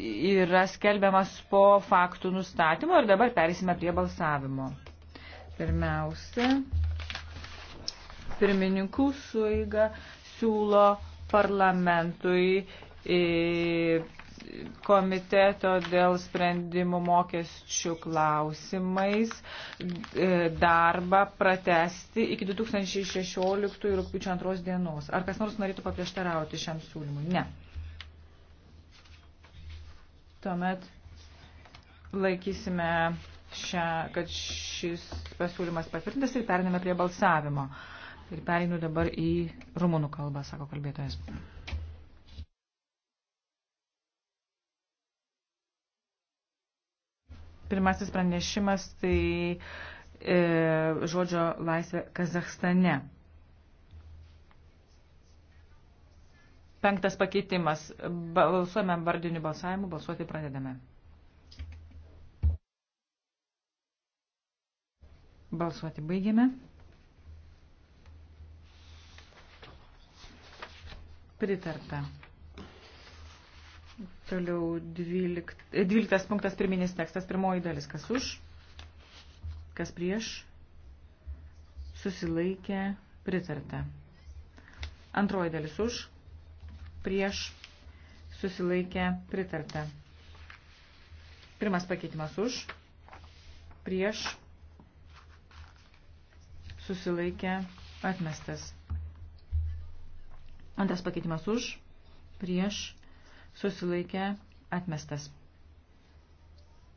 yra skelbiamas po faktų nustatymo ir dabar perėsime prie balsavimo. Pirmiausia, pirmininkų suiga siūlo parlamentui e, komiteto dėl sprendimų mokesčių klausimais e, darbą pratesti iki 2016 rūpiučio antros dienos. Ar kas nors norėtų paprieštarauti šiam siūlymui? Ne. Tuomet laikysime, šią, kad šis pasiūlymas patvirtintas ir periname prie balsavimo. Ir perinu dabar į rumunų kalbą, sako kalbėtojas. Pirmasis pranešimas tai e, žodžio laisvė Kazahstane. Penktas pakeitimas. Balsuojame vardiniu balsavimu, balsuoti pradedame. Balsuoti baigiame. Pritarta. Toliau 12, 12 e, punktas pirminis tekstas, pirmoji dalis. Kas už? Kas prieš? Susilaikė. Pritarta. Antroji dalis už prieš susilaikę pritarta. Pirmas pakeitimas už, prieš susilaikę atmestas. Antras pakeitimas už, prieš susilaikę atmestas.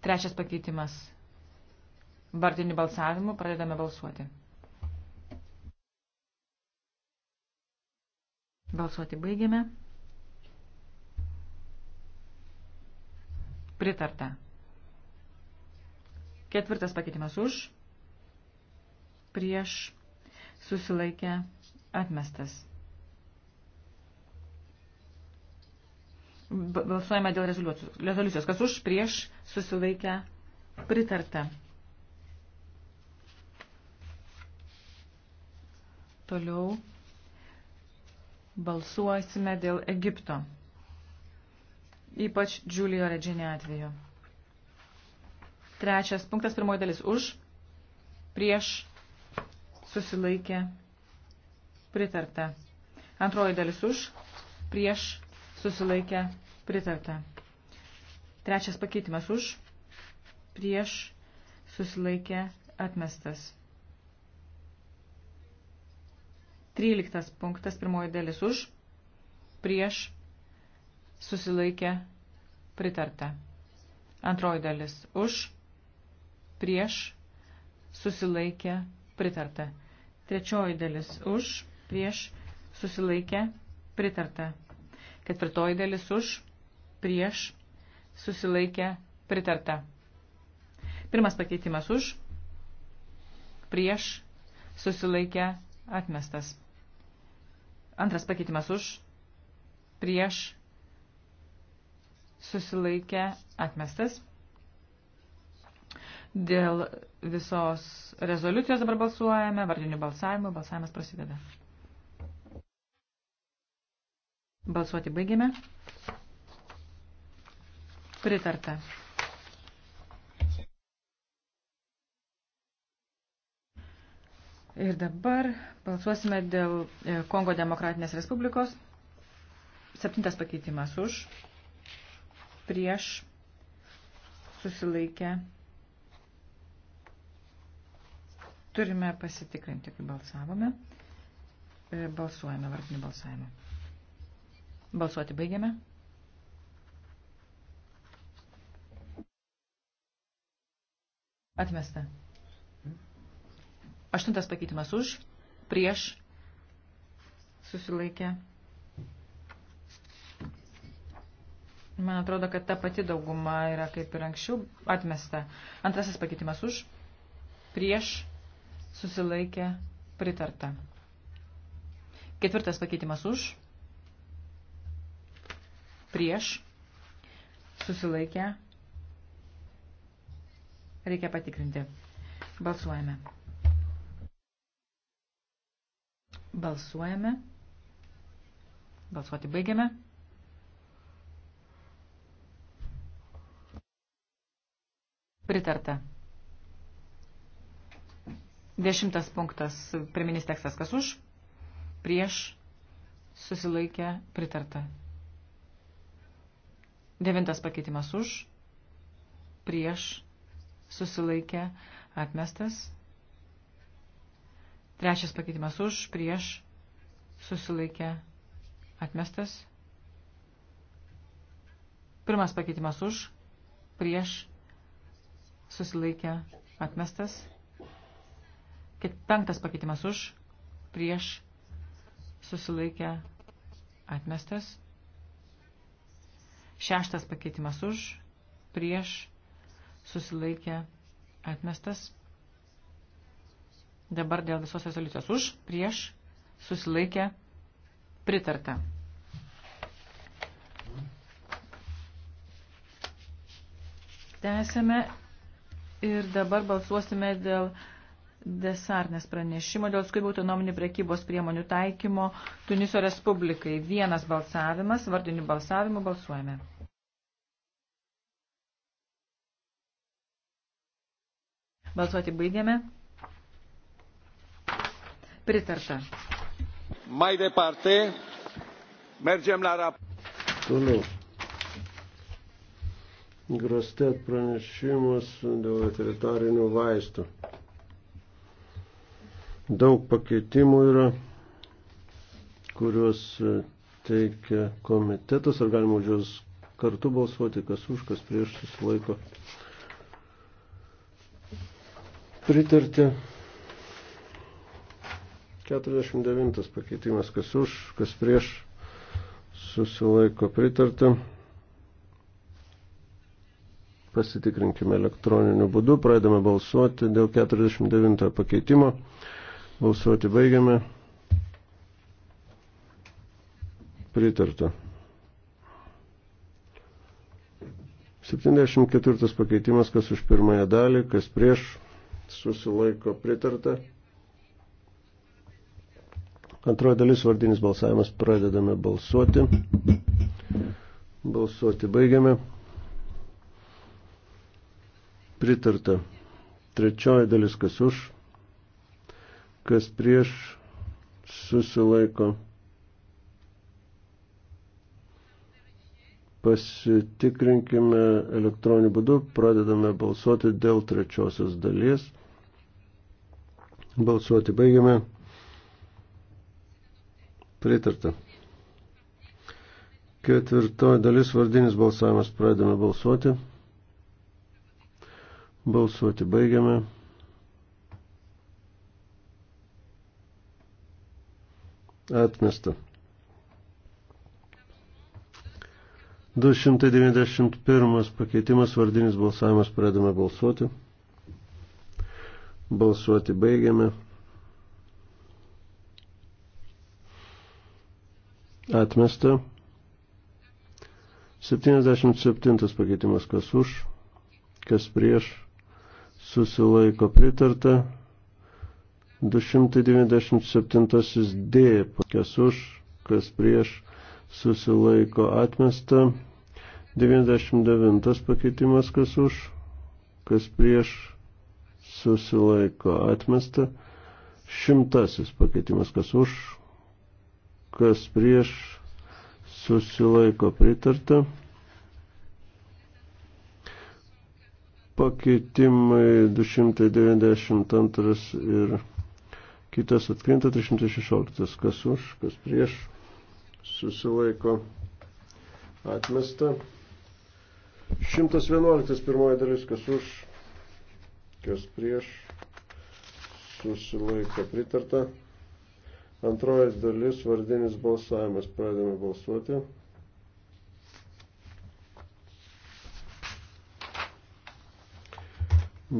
Trečias pakeitimas. Vardiniu balsavimu pradedame balsuoti. Balsuoti baigiame. Pritarta. Ketvirtas pakeitimas už, prieš, susilaikę, atmestas. Balsuojame dėl rezoliucijos. Kas už, prieš, susilaikę, pritarta. Toliau balsuosime dėl Egipto ypač Džiulio Redžinė atveju. Trečias punktas, pirmoji dalis už, prieš, susilaikė, pritarta. Antroji dalis už, prieš, susilaikė, pritarta. Trečias pakeitimas už, prieš, susilaikė, atmestas. Tryliktas punktas, pirmoji dalis už, prieš, susilaikė pritarta. Antroji dalis už, prieš, susilaikė pritarta. Trečioji dalis už, prieš, susilaikė pritarta. Ketvirtoji dalis už, prieš, susilaikė pritarta. Pirmas pakeitimas už, prieš, susilaikė atmestas. Antras pakeitimas už, prieš, susilaikė atmestas. Dėl visos rezoliucijos dabar balsuojame, vardinių balsavimų, balsavimas prasideda. Balsuoti baigėme. Pritarta. Ir dabar balsuosime dėl e, Kongo Demokratinės Respublikos. Septintas pakeitimas už prieš susilaikę. Turime pasitikrinti, kaip balsavome. E, balsuojame vardinį balsavimą. Balsuoti baigiame. Atmesta. Aštuntas pakeitimas už, prieš, susilaikę. Man atrodo, kad ta pati dauguma yra kaip ir anksčiau atmesta. Antrasis pakeitimas už, prieš, susilaikė, pritarta. Ketvirtas pakeitimas už, prieš, susilaikė, reikia patikrinti. Balsuojame. Balsuojame. Balsuoti baigiame. Pritarta. Dešimtas punktas, priminis tekstas, kas už, prieš, susilaikė, pritarta. Devintas pakeitimas už, prieš, susilaikė, atmestas. Trečias pakeitimas už, prieš, susilaikė, atmestas. Pirmas pakeitimas už, prieš, susilaikė atmestas. Kit, penktas pakeitimas už, prieš susilaikė atmestas. Šeštas pakeitimas už, prieš susilaikė atmestas. Dabar dėl visos rezoliucijos už, prieš susilaikė pritarta. Tęsėme Ir dabar balsuosime dėl Desarnės pranešimo dėl skubių autonominių prekybos priemonių taikymo Tuniso Respublikai. Vienas balsavimas, vardiniu balsavimu balsuojame. Balsuoti baigiame. Pritarta. Mai departe, mergem la rap. Toliau. Grostet pranešimas dėl veteritarinių vaistų. Daug pakeitimų yra, kuriuos teikia komitetas, ar galima už juos kartu balsuoti, kas už, kas prieš susilaiko. Pritarti 49 pakeitimas, kas už, kas prieš susilaiko pritarti. Pasitikrinkime elektroniniu būdu, pradame balsuoti dėl 49 pakeitimo. Balsuoti baigiame. Pritarta. 74 pakeitimas, kas už pirmąją dalį, kas prieš, susilaiko pritarta. Antroji dalis vardinis balsavimas, pradedame balsuoti. Balsuoti baigiame pritarta. Trečioji dalis, kas už, kas prieš, susilaiko. Pasitikrinkime elektroniniu būdu, pradedame balsuoti dėl trečiosios dalies. Balsuoti baigiame. Pritarta. Ketvirtoji dalis vardinis balsavimas pradedame balsuoti. Balsuoti baigiame. Atmesta. 291 pakeitimas vardinis balsavimas pradame balsuoti. Balsuoti baigiame. Atmesta. 77 pakeitimas kas už, kas prieš susilaiko pritarta. 297 D, kas už, kas prieš, susilaiko atmesta. 99 pakeitimas, kas už, kas prieš, susilaiko atmesta. Šimtasis pakeitimas, kas už, kas prieš, susilaiko pritarta. pakeitimai 292 ir kitas atkrinta 316. Kas už, kas prieš susilaiko atmesta. 111 pirmoji dalis, kas už, kas prieš susilaiko pritarta. Antroji dalis, vardinis balsavimas, pradėme balsuoti.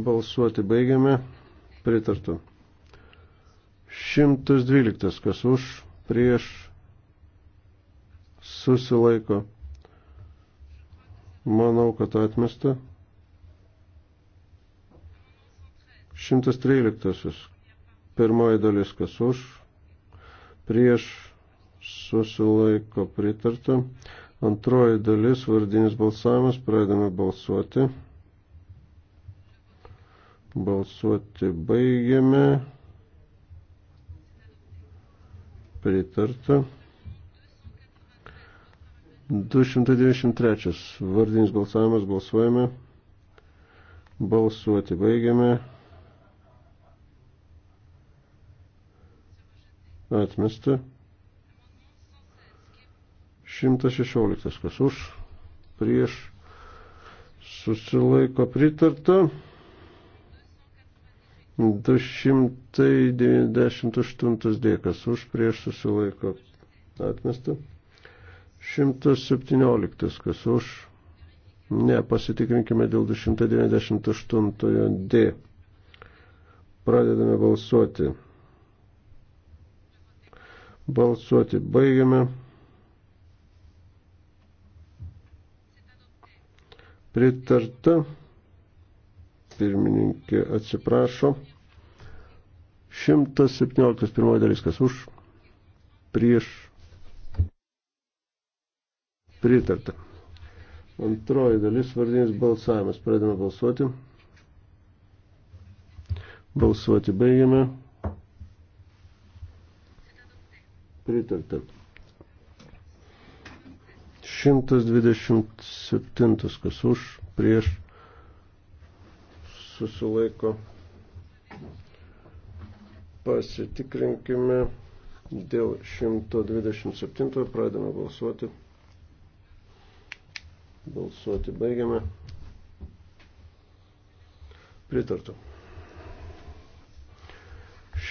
Balsuoti baigiame. Pritartu. 112. Kas už, prieš, susilaiko. Manau, kad atmesta. 113. Pirmoji dalis, kas už, prieš, susilaiko pritarta. Antroji dalis, vardinis balsavimas, pradedame balsuoti. Balsuoti baigiame. Pritarta. 293. Vardinis balsavimas. Balsuojame. Balsuoti baigiame. Atmesta. 116. Kas už? Prieš. Susilaiko pritarta. 298 dėkas už prieš susilaiko atmestą. 117 kas už. Ne, pasitikrinkime dėl 298 D. Pradedame balsuoti. Balsuoti baigiame. Pritarta. Pirmininkė atsiprašo. 117 pirmoji dalis, kas už, prieš, pritarta. Antroji dalis, vardinis balsavimas. Pradėme balsuoti. Balsuoti baigiame. Pritarta. 127 kas už, prieš, susilaiko. Pasitikrinkime dėl 127. Pradame balsuoti. Balsuoti baigiame. Pritartu.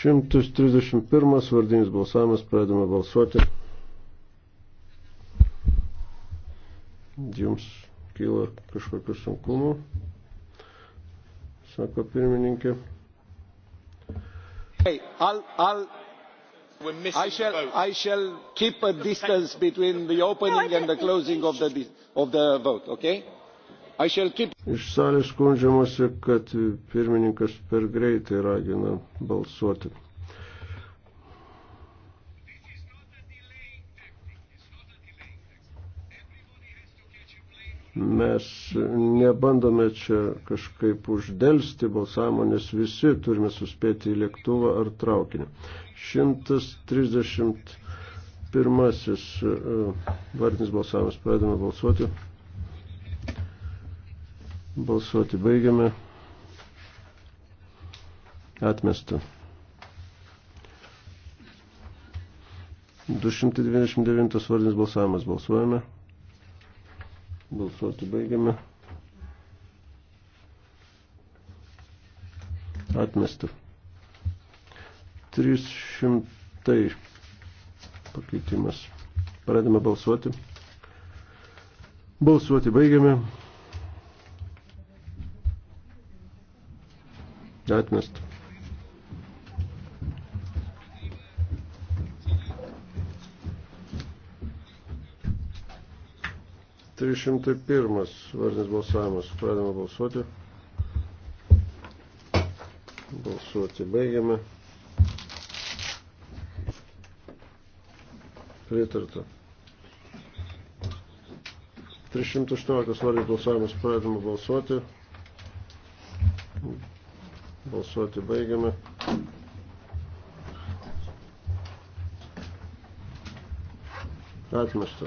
131 vardinis balsavimas, pradame balsuoti. Jums kyla kažkokių sunkumų sako pirmininkė. Hey, I'll, I'll... I shall, I shall keep a distance between the opening and the closing of the, of the vote, okay? I shall keep... Iš salės skundžiamasi, kad pirmininkas per greitai ragina balsuoti. Mes nebandome čia kažkaip uždelsti balsavimo, nes visi turime suspėti į lėktuvą ar traukinį. 131 e, vardinis balsavimas. Pradedame balsuoti. Balsuoti baigiame. Atmesta. 229 vardinis balsavimas. Balsuojame. Balsuoti baigiame. Atmestų. 300 pakeitimas. Pradėme balsuoti. Balsuoti baigiame. Atmestų. 301 vardinis balsavimas. Pradame balsuoti. Balsuoti baigiame. Pritarta. 318 vardinis balsavimas. Pradame balsuoti. Balsuoti baigiame. Atmesta.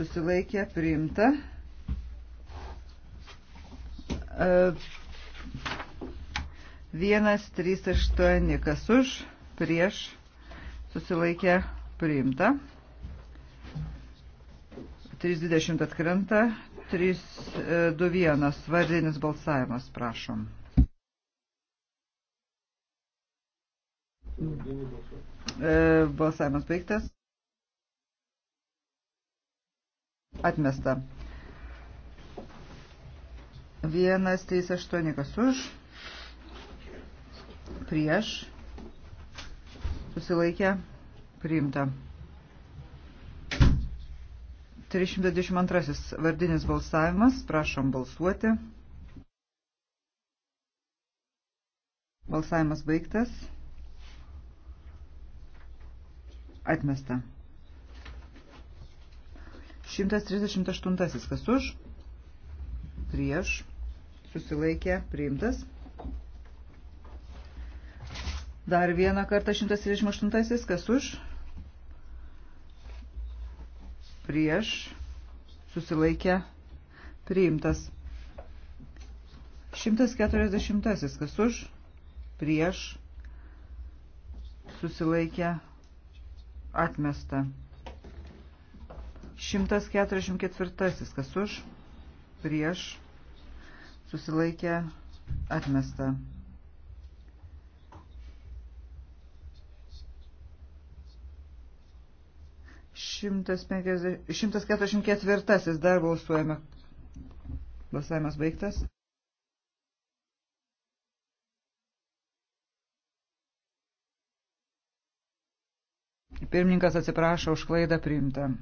susilaikė priimta. E, vienas, trys, aštuoni, kas už, prieš, susilaikė priimta. 3.20 atkrenta, 3.21 e, vardinis balsavimas, prašom. E, balsavimas baigtas. Atmesta. 138 kas už. Prieš. Susilaikė. Priimta. 322 vardinis balsavimas. Prašom balsuoti. Balsavimas baigtas. Atmesta. 138. Kas už? Prieš. Susilaikė. Priimtas. Dar vieną kartą 138. Kas už? Prieš. Susilaikė. Priimtas. 140. Kas už? Prieš. Susilaikė. Atmesta. 144. Kas už? Prieš. Susilaikė. Atmesta. Šimtas keturiasdešimt ketvirtasis dar balsuojame. Balsavimas baigtas. Pirmininkas atsiprašo už klaidą priimtą.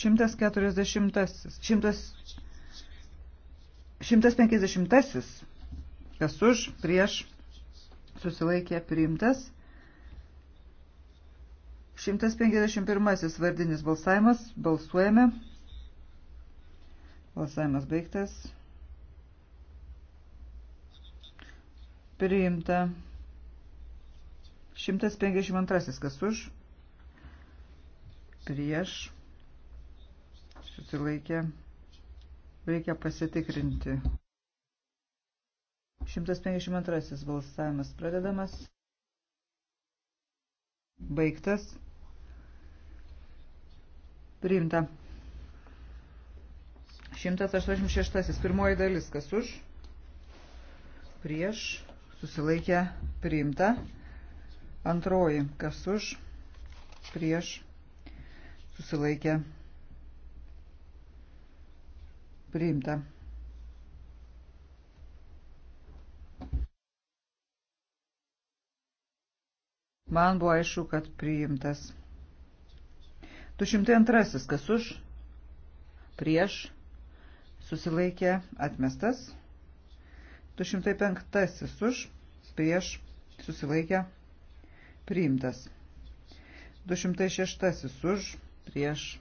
140. 150. Kas už, prieš, susilaikė priimtas. 151 vardinis balsavimas. Balsuojame. Balsavimas baigtas. Priimta. 152 kas už. Prieš susilaikė, reikia pasitikrinti. 152 balsavimas pradedamas, baigtas, priimta. 186 pirmoji dalis, kas už, prieš, susilaikė, priimta. Antroji, kas už, prieš, susilaikė, priimta priimta. Man buvo aišku, kad priimtas. 202. Kas už? Prieš. Susilaikė. Atmestas. 205. Už. Prieš. Susilaikė. Priimtas. 206. Už. Prieš.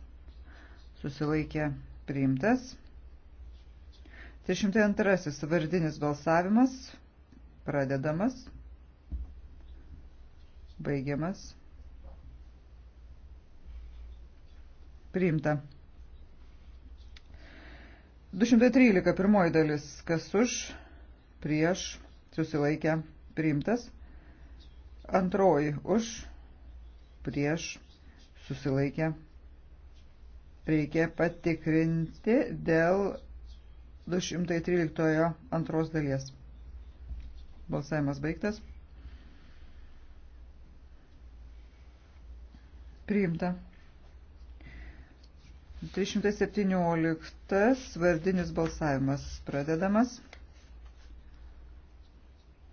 Susilaikė. Priimtas. 302 vardinis balsavimas pradedamas, baigiamas, priimta. 213 pirmoji dalis, kas už, prieš, susilaikę, priimtas. Antroji už, prieš, susilaikę. Reikia patikrinti dėl 213 antros dalies. Balsavimas baigtas. Priimta. 317 vardinis balsavimas pradedamas.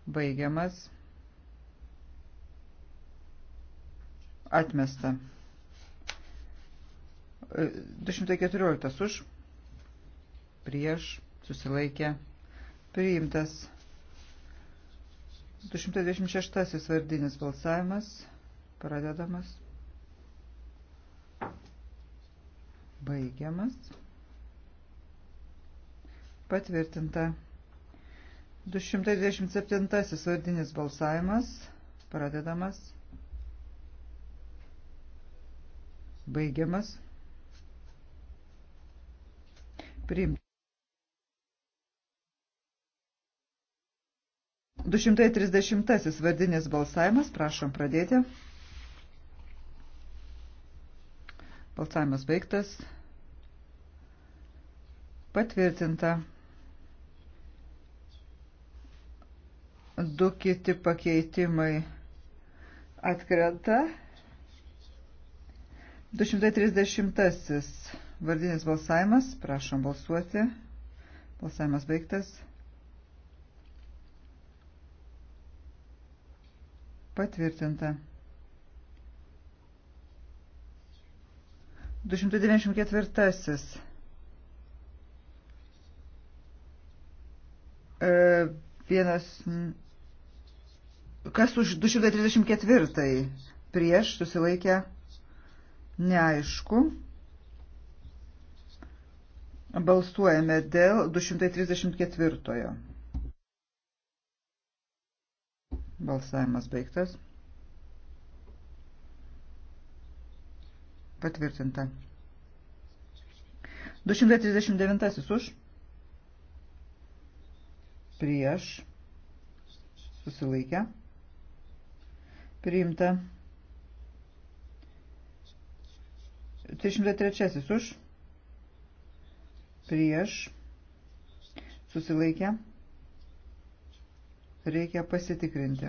Baigiamas. Atmesta. 214 e, už prieš, susilaikė, priimtas. 226 vardinis balsavimas, pradedamas, baigiamas, patvirtinta. 227 vardinis balsavimas, pradedamas, baigiamas, priimtas. 230 vardinis balsavimas, prašom pradėti. Balsavimas baigtas. Patvirtinta. Du kiti pakeitimai atkrenta. 230 vardinis balsavimas, prašom balsuoti. Balsavimas baigtas. Patvirtinta. 294. E, vienas. Kas už 234 prieš susilaikę neaišku. Balsuojame dėl 234. Balsavimas baigtas. Patvirtinta. 239 už. Prieš. Susilaikę. Priimta. 303 už. Prieš. Susilaikę reikia pasitikrinti.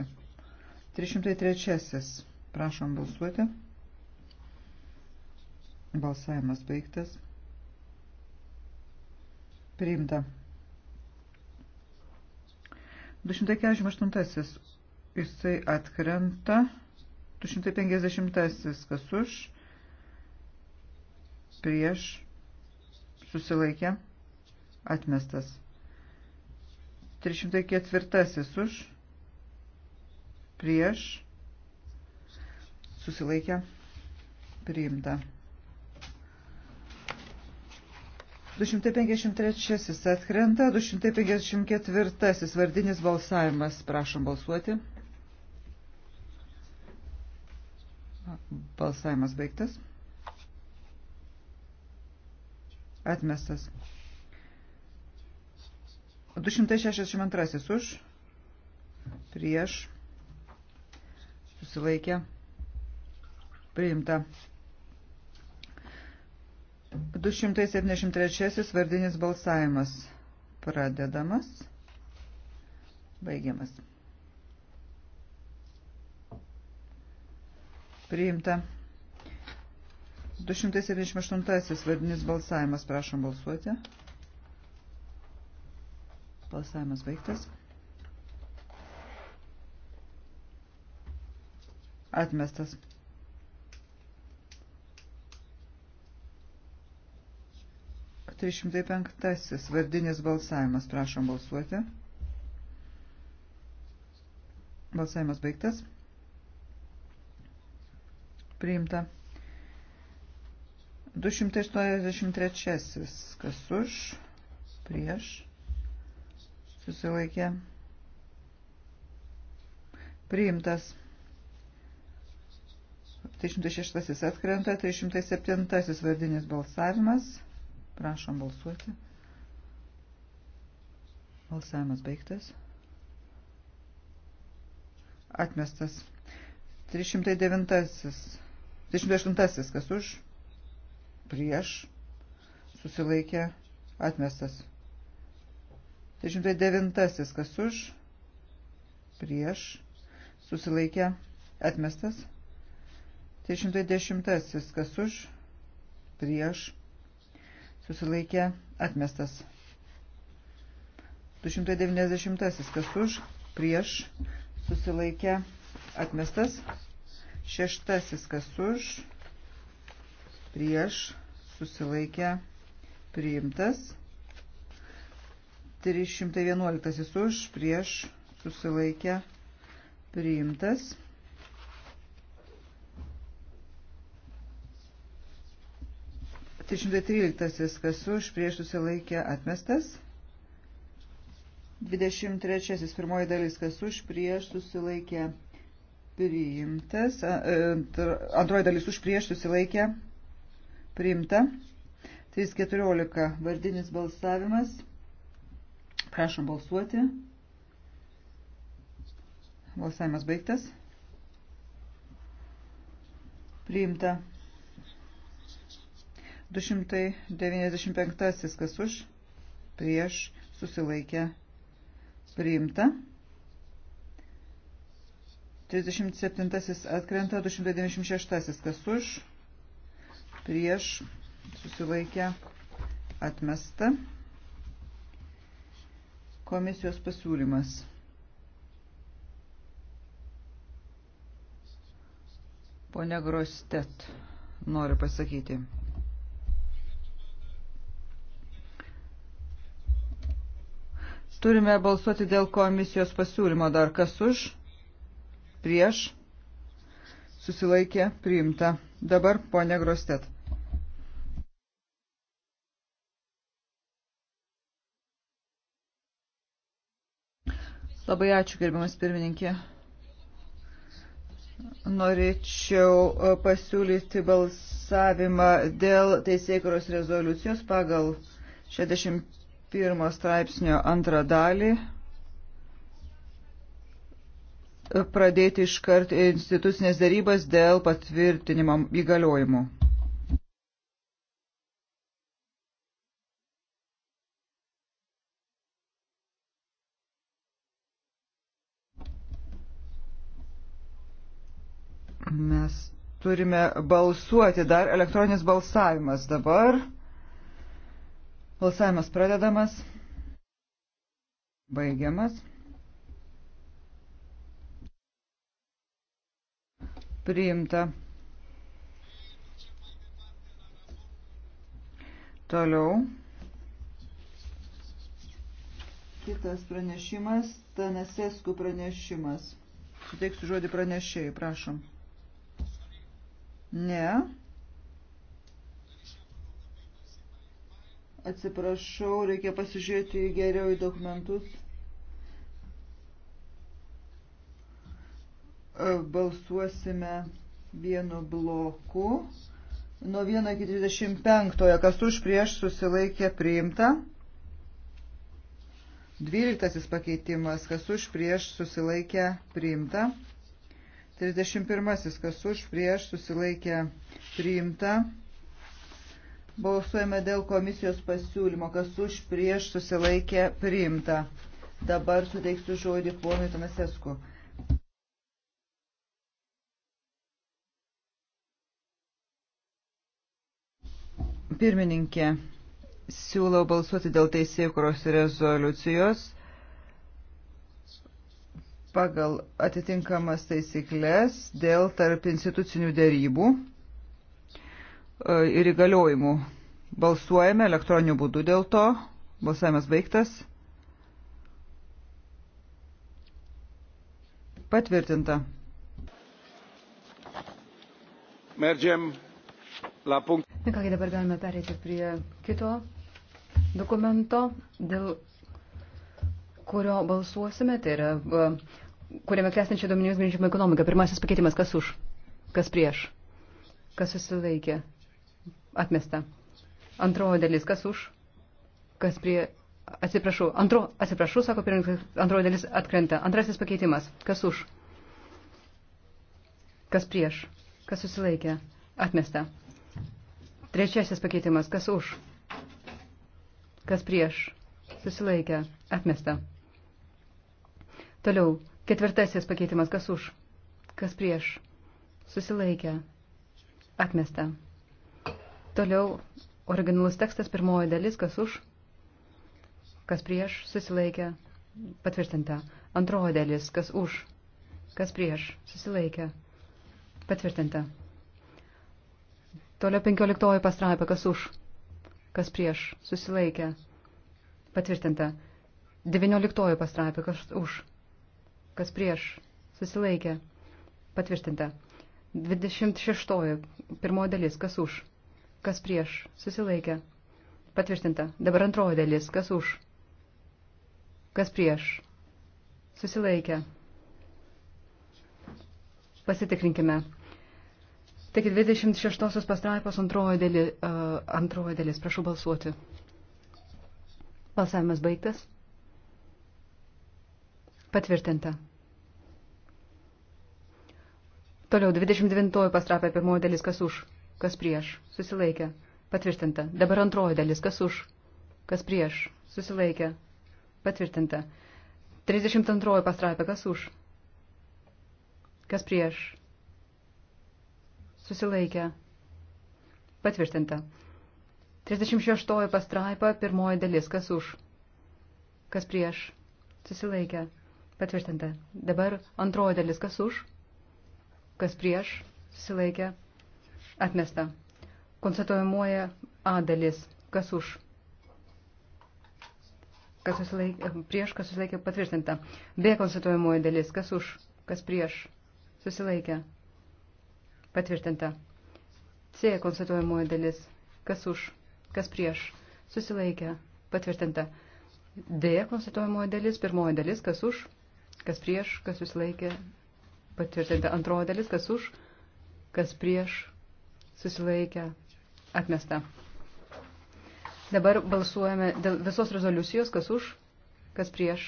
303. Prašom balsuoti. Balsavimas baigtas. Priimta. 248. Jisai atkrenta. 250. Kas už? Prieš. Susilaikė. Atmestas. 304 už, prieš, susilaikė, priimta. 253 atkrenta, 254 vardinis balsavimas, prašom balsuoti. Balsavimas baigtas. Atmestas. 262 už, prieš, susilaikė, priimta. 273 vardinis balsavimas pradedamas, baigiamas. Priimta. 278 vardinis balsavimas, prašom balsuoti. Balsavimas baigtas. Atmestas. Trišimtai penktasis vardinis balsavimas. Prašom balsuoti. Balsavimas baigtas. Priimta. 283. Kas už? Prieš susilaikė priimtas. 306 atkrenta, 307 vardinis balsavimas. Prašom balsuoti. Balsavimas baigtas. Atmestas. 309. 308. Kas už? Prieš. Susilaikė. Atmestas. 309 kas už, prieš, susilaikė, atmestas. 310 kas už, prieš, susilaikė, atmestas. 290 kas už, prieš, susilaikė, atmestas. Šeštasis kas už, prieš, susilaikė, priimtas. 311 už, prieš, susilaikę, priimtas. Trišimtai tryliktasis, kas už, prieš susilaikė atmestas. 23. Pirmoji dalis, kas už prieš susilaikė priimtas. E, antroji dalis už prieš susilaikė priimta. 3.14. Vardinis balsavimas. Prašom balsuoti. Balsavimas baigtas. Priimta. 295 kas už, prieš, susilaikę, priimta. 37 atkrenta, 296 kas už, prieš, susilaikę, atmesta. Komisijos pasiūlymas. Pone Grostet, noriu pasakyti. Turime balsuoti dėl komisijos pasiūlymo. Dar kas už? Prieš? Susilaikė? Priimta. Dabar, ponė Grostet. Labai ačiū, gerbiamas pirmininkė. Norėčiau e, pasiūlyti balsavimą dėl teisėkuros rezoliucijos pagal 61 straipsnio antrą dalį. Pradėti iškart institucinės darybas dėl patvirtinimo įgaliojimų. Mes turime balsuoti dar elektroninis balsavimas dabar. Balsavimas pradedamas. Baigiamas. Priimta. Toliau. Kitas pranešimas, Tanesesku pranešimas. Suteiksiu žodį pranešėjai, prašom. Ne. Atsiprašau, reikia pasižiūrėti geriau į dokumentus. E, balsuosime vienu bloku. Nuo 1 iki 25, kas už prieš susilaikė priimta. 12 pakeitimas, kas už prieš susilaikė priimta. 31. Kas už prieš susilaikė priimta. Balsuojame dėl komisijos pasiūlymo. Kas už prieš susilaikė priimta. Dabar suteiksiu žodį ponui Tanasesku. Pirmininkė, siūlau balsuoti dėl teisėjų kuros rezoliucijos pagal atitinkamas taisyklės dėl tarp institucinių dėrybų e, ir įgaliojimų. Balsuojame elektroniniu būdu dėl to. Balsavimas baigtas. Patvirtinta. Mergiam la punct. Na kągi dabar galime pereiti prie kito dokumento, dėl kurio balsuosime. Tai yra e, kuriame klestinčia duomenimis grindžiama ekonomika. Pirmasis pakeitimas, kas už, kas prieš, kas susilaikė, atmesta. Antroji dalis, kas už, kas prie, atsiprašau, antro, atsiprašau, sako pirmininkas, antroji dalis atkrenta. Antrasis pakeitimas, kas už, kas prieš, kas susilaikė, atmesta. Trečiasis pakeitimas, kas už, kas prieš, susilaikė, atmesta. Toliau, Ketvirtasis pakeitimas. Kas už? Kas prieš? Susilaikę. Atmesta. Toliau originalus tekstas pirmoji dalis. Kas už? Kas prieš? Susilaikę. Patvirtinta. Antroji dalis. Kas už? Kas prieš? Susilaikę. Patvirtinta. Toliau penkioliktoji pastraipa. Kas už? Kas prieš? Susilaikę. Patvirtinta. Devinioliktoji pastraipa. Kas už? kas prieš, susilaikė, patvirtinta. 26. Pirmoji dalis, kas už, kas prieš, susilaikė, patvirtinta. Dabar antroji dalis, kas už, kas prieš, susilaikė. Pasitikrinkime. Taigi 26 pastraipos antroji dalis, uh, antroji dalis, prašau balsuoti. Balsavimas baigtas. Patvirtinta. Toliau 29 pastrapė pirmoji dalis, kas už, kas prieš, susilaikė. Patvirtinta. Dabar antroji dalis, kas už, kas prieš, susilaikė. Patvirtinta. 32 pastrapė, kas už, kas prieš, susilaikė. Patvirtinta. 36 pastraipa, pirmoji dalis, kas už, kas prieš, susilaikė. Patvirtinta. Dabar antroji dalis, kas už, kas prieš, susilaikė, atmesta. Konstatuojamoja A dalis, kas už, kas susilaikė, prieš, kas susilaikė, patvirtinta. B konstatuojamoja dalis, kas už, kas prieš, susilaikė, patvirtinta. C konstatuojamoja dalis, kas už, kas prieš, susilaikė, patvirtinta. D konstatuojamoja dalis, pirmoji dalis, kas už, kas prieš, kas susilaikė, patvirtinta antroji dalis, kas už, kas prieš, susilaikė, atmesta. Dabar balsuojame dėl visos rezoliucijos, kas už, kas prieš,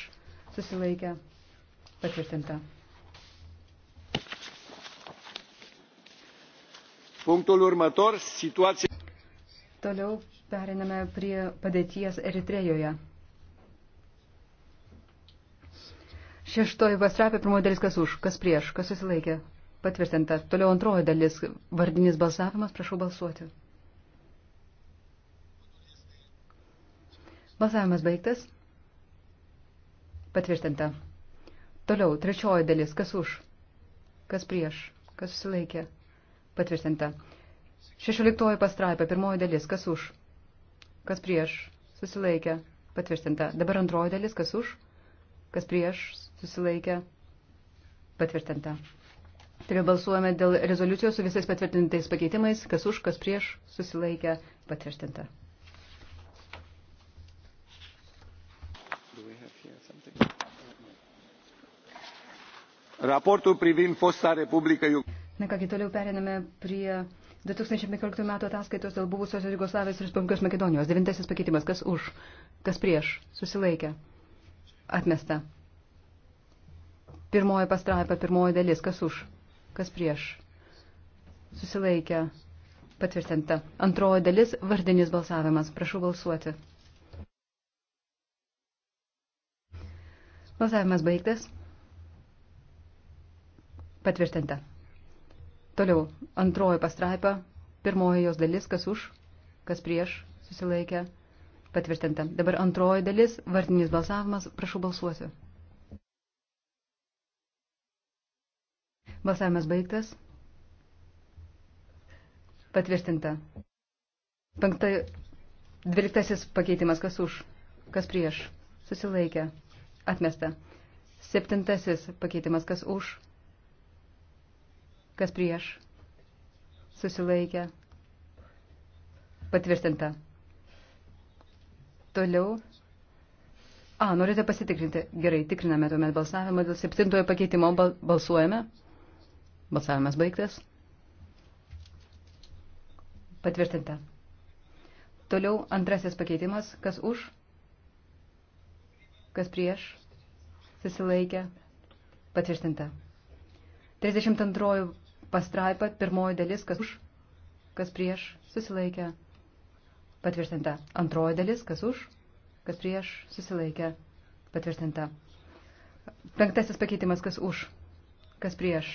susilaikė, patvirtinta. Punctul următor, situație. Toliau periname prie padėties Eritrejoje. Šeštoji pastrapė, pirmoji dalis kas už, kas prieš, kas susilaikė. Patvirtinta. Toliau antroji dalis, vardinis balsavimas, prašau balsuoti. Balsavimas baigtas. Patvirtinta. Toliau, trečioji dalis, kas už, kas prieš, kas susilaikė. Patvirtinta. Šešioliktoji pastraipė, pirmoji dalis, kas už, kas prieš, susilaikė. Patvirtinta. Dabar antroji dalis, kas už, kas prieš, susilaikė patvirtinta. Taigi balsuojame dėl rezoliucijos su visais patvirtintais pakeitimais, kas už, kas prieš, susilaikė patvirtinta. Raportul privind fosta Republică Na kągi, toliau periname prie 2015 metų ataskaitos dėl buvusios Jugoslavijos Respublikos Makedonijos. Devintasis pakeitimas, kas už, kas prieš, susilaikė, atmesta. Pirmoji pastraipa, pirmoji dalis, kas už, kas prieš. Susilaikė. Patvirtinta. Antroji dalis – vardinis balsavimas. Prašau balsuoti. Balsavimas baigtas. Patvirtinta. Toliau. Antroji pastraipa. Pirmoji jos dalis – kas už, kas prieš, susilaikė. Patvirtinta. Dabar antroji dalis – vardinis balsavimas. Prašau balsuoti. Balsavimas baigtas. Patvirtinta. Penkta, dvyliktasis pakeitimas, kas už, kas prieš, susilaikė, atmesta. Septintasis pakeitimas, kas už, kas prieš, susilaikė, patvirtinta. Toliau. A, norite pasitikrinti. Gerai, tikriname tuomet balsavimą dėl septintojo pakeitimo. Bal balsuojame. Balsavimas baigtas. Patvirtinta. Toliau antrasis pakeitimas. Kas už? Kas prieš? Susilaikė. Patvirtinta. 32 pastraipa, pirmoji dalis, kas už, kas prieš, susilaikė. Patvirtinta. Antroji dalis, kas už, kas prieš, susilaikė. Patvirtinta. Penktasis pakeitimas, kas už, kas prieš,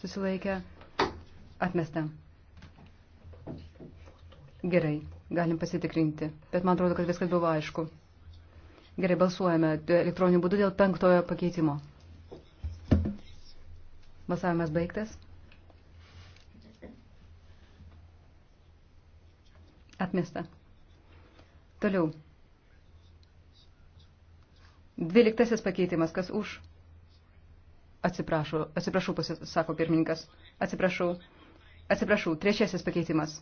susilaikę, atmesta. Gerai, galim pasitikrinti, bet man atrodo, kad viskas buvo aišku. Gerai, balsuojame elektroniniu būdu dėl penktojo pakeitimo. Balsavimas baigtas. Atmesta. Toliau. Dvyliktasis pakeitimas, kas už? Atsiprašau, atsiprašau, pasisako pirmininkas. Atsiprašau, atsiprašau, trečiasis pakeitimas.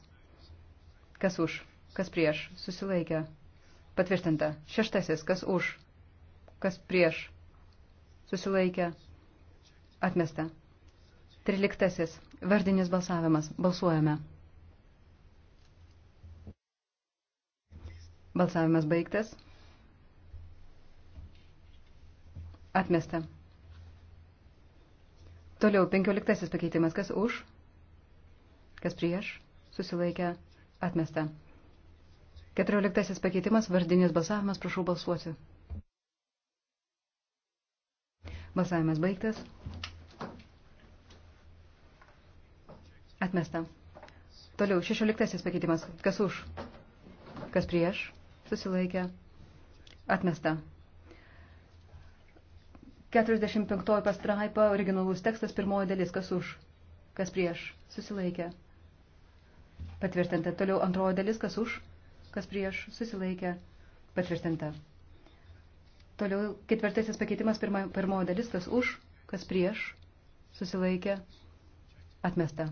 Kas už, kas prieš, susilaikė. Patvirtinta. Šeštasis, kas už, kas prieš, susilaikė. Atmesta. Triliktasis, vardinis balsavimas. Balsuojame. Balsavimas baigtas. Atmesta. Toliau, penkioliktasis pakeitimas. Kas už? Kas prieš? Susilaikė. Atmesta. Keturioliktasis pakeitimas. Vardinis balsavimas. Prašau balsuoti. Balsavimas baigtas. Atmesta. Toliau, šešioliktasis pakeitimas. Kas už? Kas prieš? Susilaikė. Atmesta. 45 pastraipa, originalus tekstas, pirmoji dalis, kas už, kas prieš, susilaikė. Patvirtinta. Toliau antroji dalis, kas už, kas prieš, susilaikė. Patvirtinta. Toliau ketvirtasis pakeitimas, pirma, pirmoji dalis, kas už, kas prieš, susilaikė, atmesta.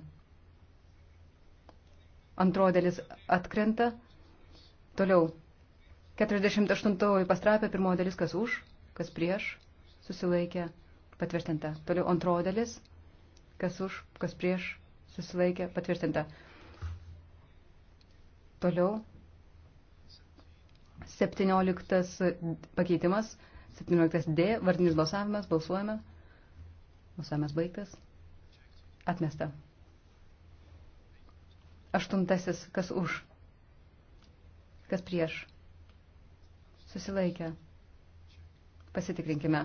Antroji dalis atkrenta. Toliau 48 pastrapė, pirmoji dalis, kas už, kas prieš, susilaikė, patvirtinta. Toliau antroji dalis, kas už, kas prieš, susilaikė, patvirtinta. Toliau 17 pakeitimas, 17 D, vardinis balsavimas, balsuojame. Balsavimas baigtas. Atmesta. Aštuntasis, kas už, kas prieš. Susilaikę. Pasitikrinkime.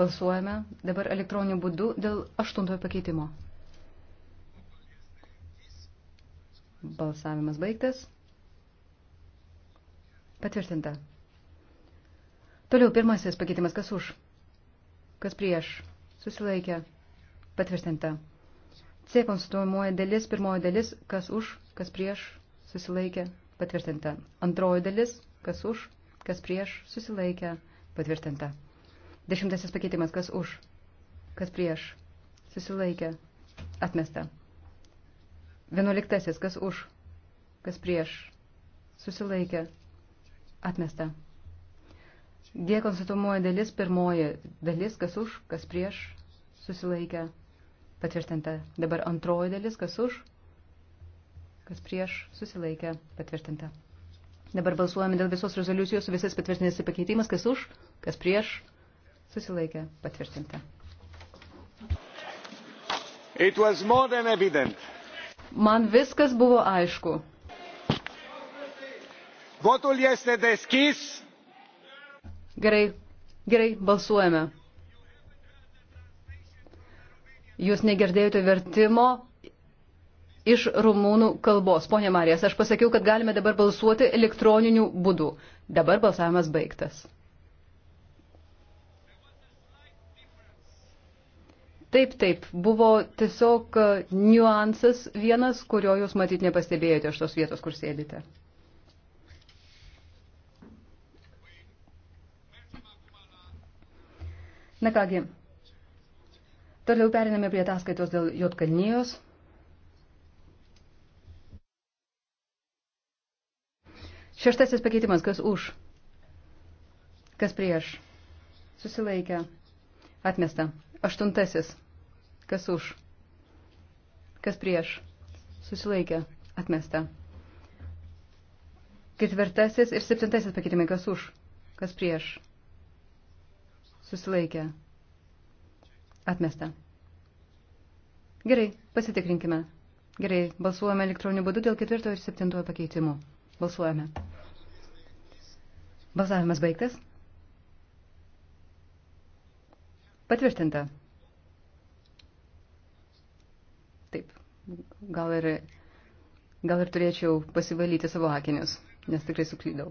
Balsuojame dabar elektroniniu būdu dėl aštuntojo pakeitimo. Balsavimas baigtas. Patvirtinta. Toliau pirmasis pakeitimas. Kas už? Kas prieš? Susilaikė. Patvirtinta. C konstituojamoji dalis, pirmoji dalis, kas už, kas prieš, susilaikė, patvirtinta. Antroji dalis, kas už, kas prieš, susilaikė, patvirtinta. Dešimtasis pakeitimas, kas už, kas prieš, susilaikė, atmesta. Vienuoliktasis, kas už, kas prieš, susilaikė, atmesta. G konstatuojamoji dalis, pirmoji dalis, kas už, kas prieš, susilaikė, patvirtinta. Dabar antroji dalis, kas už, kas prieš, susilaikė, patvirtinta. Dabar balsuojame dėl visos rezoliucijos su visais patvirtinėsi pakeitimas, kas už, kas prieš, susilaikė patvirtinta. Man viskas buvo aišku. Votul este deschis. Gerai, gerai, balsuojame. Jūs negirdėjote vertimo iš rumūnų kalbos. Pone Marijas, aš pasakiau, kad galime dabar balsuoti elektroniniu būdu. Dabar balsavimas baigtas. Taip, taip, buvo tiesiog e, niuansas vienas, kurio jūs matyt nepastebėjote iš tos vietos, kur sėdite. Na kągi, toliau periname prie ataskaitos dėl Jotkalnyjos. Šeštasis pakeitimas, kas už, kas prieš, susilaikę, atmesta. Aštuntasis. Kas už? Kas prieš? Susilaikė. Atmesta. Ketvirtasis ir septintasis pakeitimai. Kas už? Kas prieš? Susilaikė. Atmesta. Gerai, pasitikrinkime. Gerai, balsuojame elektroniniu būdu dėl ketvirto ir septintojo pakeitimų. Balsuojame. Balsavimas baigtas. Patvirtinta. gal ir, gal ir turėčiau pasivalyti savo akinius, nes tikrai suklydau.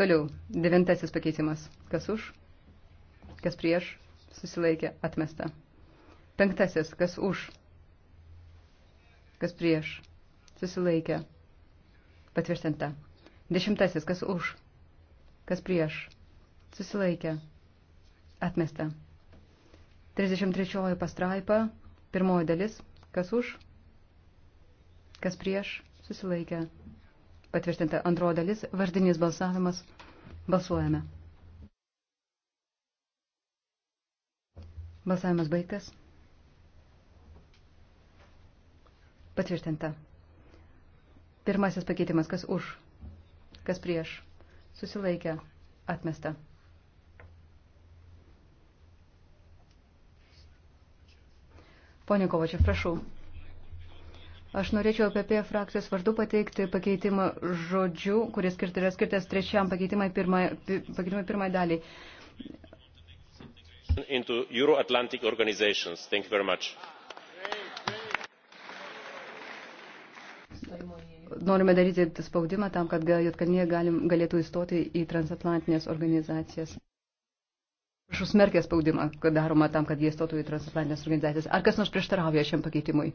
Toliau, devintasis pakeitimas. Kas už, kas prieš, susilaikė, atmesta. Penktasis, kas už, kas prieš, susilaikė, patvirtinta. Dešimtasis, kas už, kas prieš, susilaikė, atmesta. 33 pastraipa, pirmoji dalis, kas už, Kas prieš? Susilaikė. Patvirtinta antroji dalis, vardinis balsavimas. Balsuojame. Balsavimas baigtas. Patvirtinta. Pirmasis pakeitimas, kas už, kas prieš, susilaikė, atmesta. Pone Kovačiu, prašau. Aš norėčiau PP frakcijos vardu pateikti pakeitimą žodžių, kuris yra skirtas trečiam pakeitimai pirmai, pakeitimai pirmai daliai. Into Euro-Atlantic organizations. Thank you very much. Norime daryti spaudimą tam, kad Jotkalnyje galėtų įstoti į transatlantinės organizacijas. Aš smerkė spaudimą, kad daroma tam, kad jie įstotų į transatlantinės organizacijas. Ar kas nors prieštarauja šiam pakeitimui?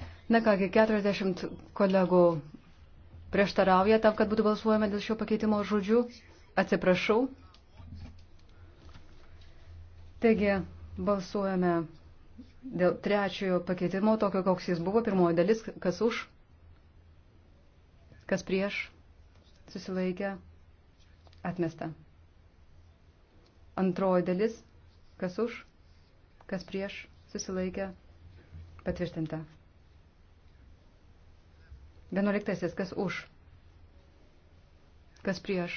Na kągi, 40 kolegų prieštarauja tam, kad būtų balsuojama dėl šio pakeitimo žodžių. Atsiprašau. Taigi, balsuojame dėl trečiojo pakeitimo, tokio, koks jis buvo, pirmoji dalis, kas už, kas prieš, susilaikė, atmesta. Antroji dalis, kas už, kas prieš, susilaikė, patvirtinta. Vienuoliktasis, kas už? Kas prieš?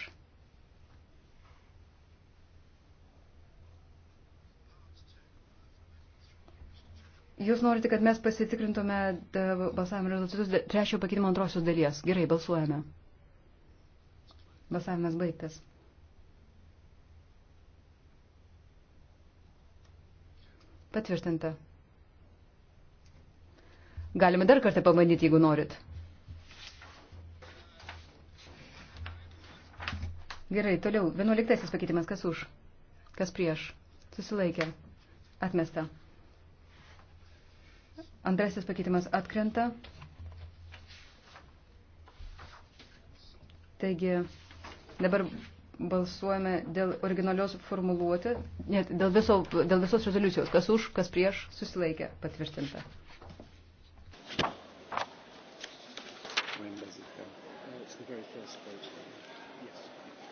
Jūs norite, kad mes pasitikrintume balsavimo rezultatus trečiojo pakeitimo antrosios dalies. Gerai, balsuojame. Balsavimas baigtas. Patvirtinta. Galime dar kartą pabandyti, jeigu norit. Gerai, toliau. Vienuoliktasis pakeitimas. Kas už? Kas prieš? Susilaikė. Atmesta. Antrasis pakeitimas atkrenta. Taigi, dabar balsuojame dėl originalios formuluotės, dėl, viso, dėl visos rezoliucijos. Kas už, kas prieš, susilaikė. Patvirtinta.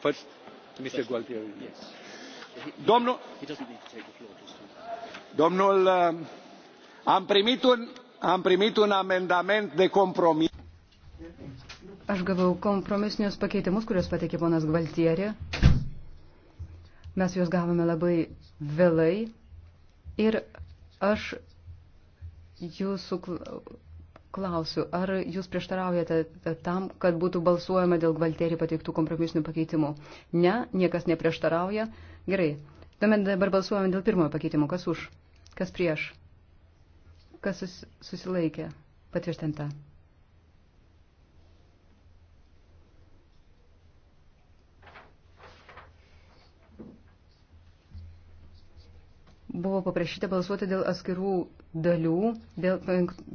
First, Mr. Gualtieri. Yes. Domnul, domnul, um, am primit un, am primit un amendament de compromis. Aš gavau kompromisinius pakeitimus, kuriuos pateikė ponas Gvaltieri. Mes juos gavome labai vėlai ir aš jūsų klausiu, ar jūs prieštaraujate tam, kad būtų balsuojama dėl Gvalterį pateiktų kompromisinių pakeitimų? Ne, niekas neprieštarauja. Gerai. Tuomet dabar balsuojame dėl pirmojo pakeitimo. Kas už? Kas prieš? Kas susilaikė? Patvirtinta. buvo paprašyta balsuoti dėl atskirų dalių, dėl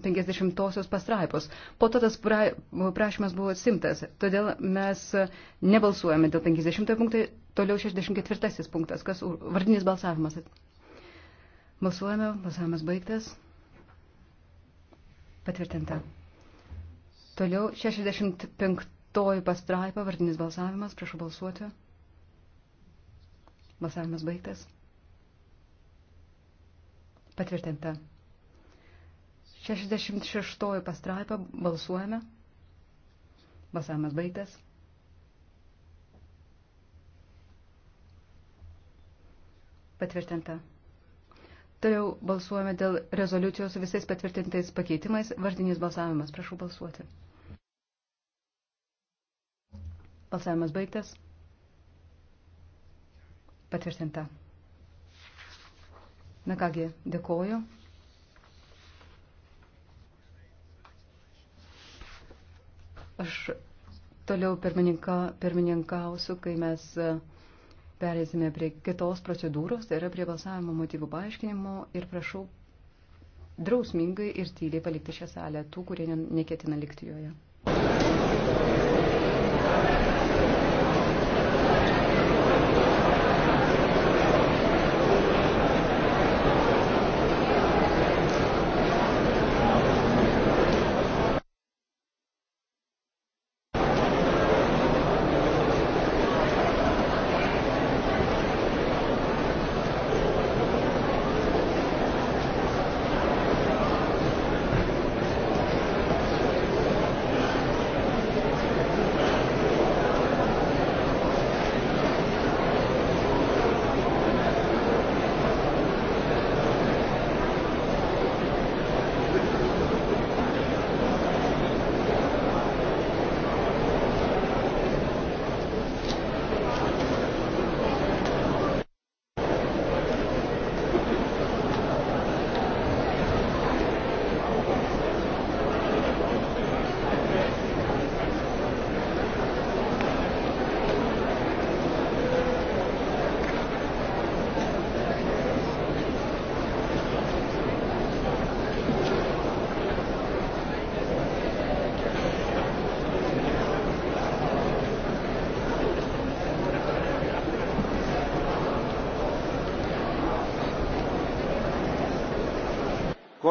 50-osios pastraipos. Po to tas prašymas buvo atsimtas, todėl mes nebalsuojame dėl 50-ojo punktai, toliau 64-asis punktas, kas vardinis balsavimas. Balsuojame, balsavimas baigtas. Patvirtinta. Toliau 65-oji pastraipa, vardinis balsavimas, prašau balsuoti. Balsavimas baigtas. Patvirtinta. 66 pastraipą balsuojame. Balsavimas baigtas. Patvirtinta. Toliau balsuojame dėl rezoliucijos su visais patvirtintais pakeitimais. Vardinis balsavimas. Prašau balsuoti. Balsavimas baigtas. Patvirtinta. Na kągi, dėkoju. Aš toliau pirmininka, pirmininkausiu, kai mes e, perėsime prie kitos procedūros, tai yra prie balsavimo motyvų paaiškinimo ir prašau drausmingai ir tyliai palikti šią salę tų, kurie neketina likti joje.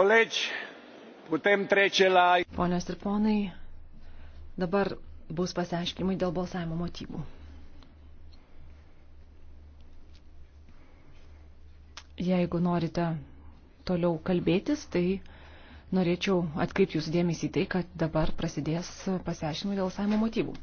colegi, putem trece la... Ponios ir ponai, dabar bus pasiaiškinimai dėl balsavimo motyvų. Jeigu norite toliau kalbėtis, tai norėčiau atkreipti jūsų dėmesį į tai, kad dabar prasidės pasiaiškinimai dėl balsavimo motyvų.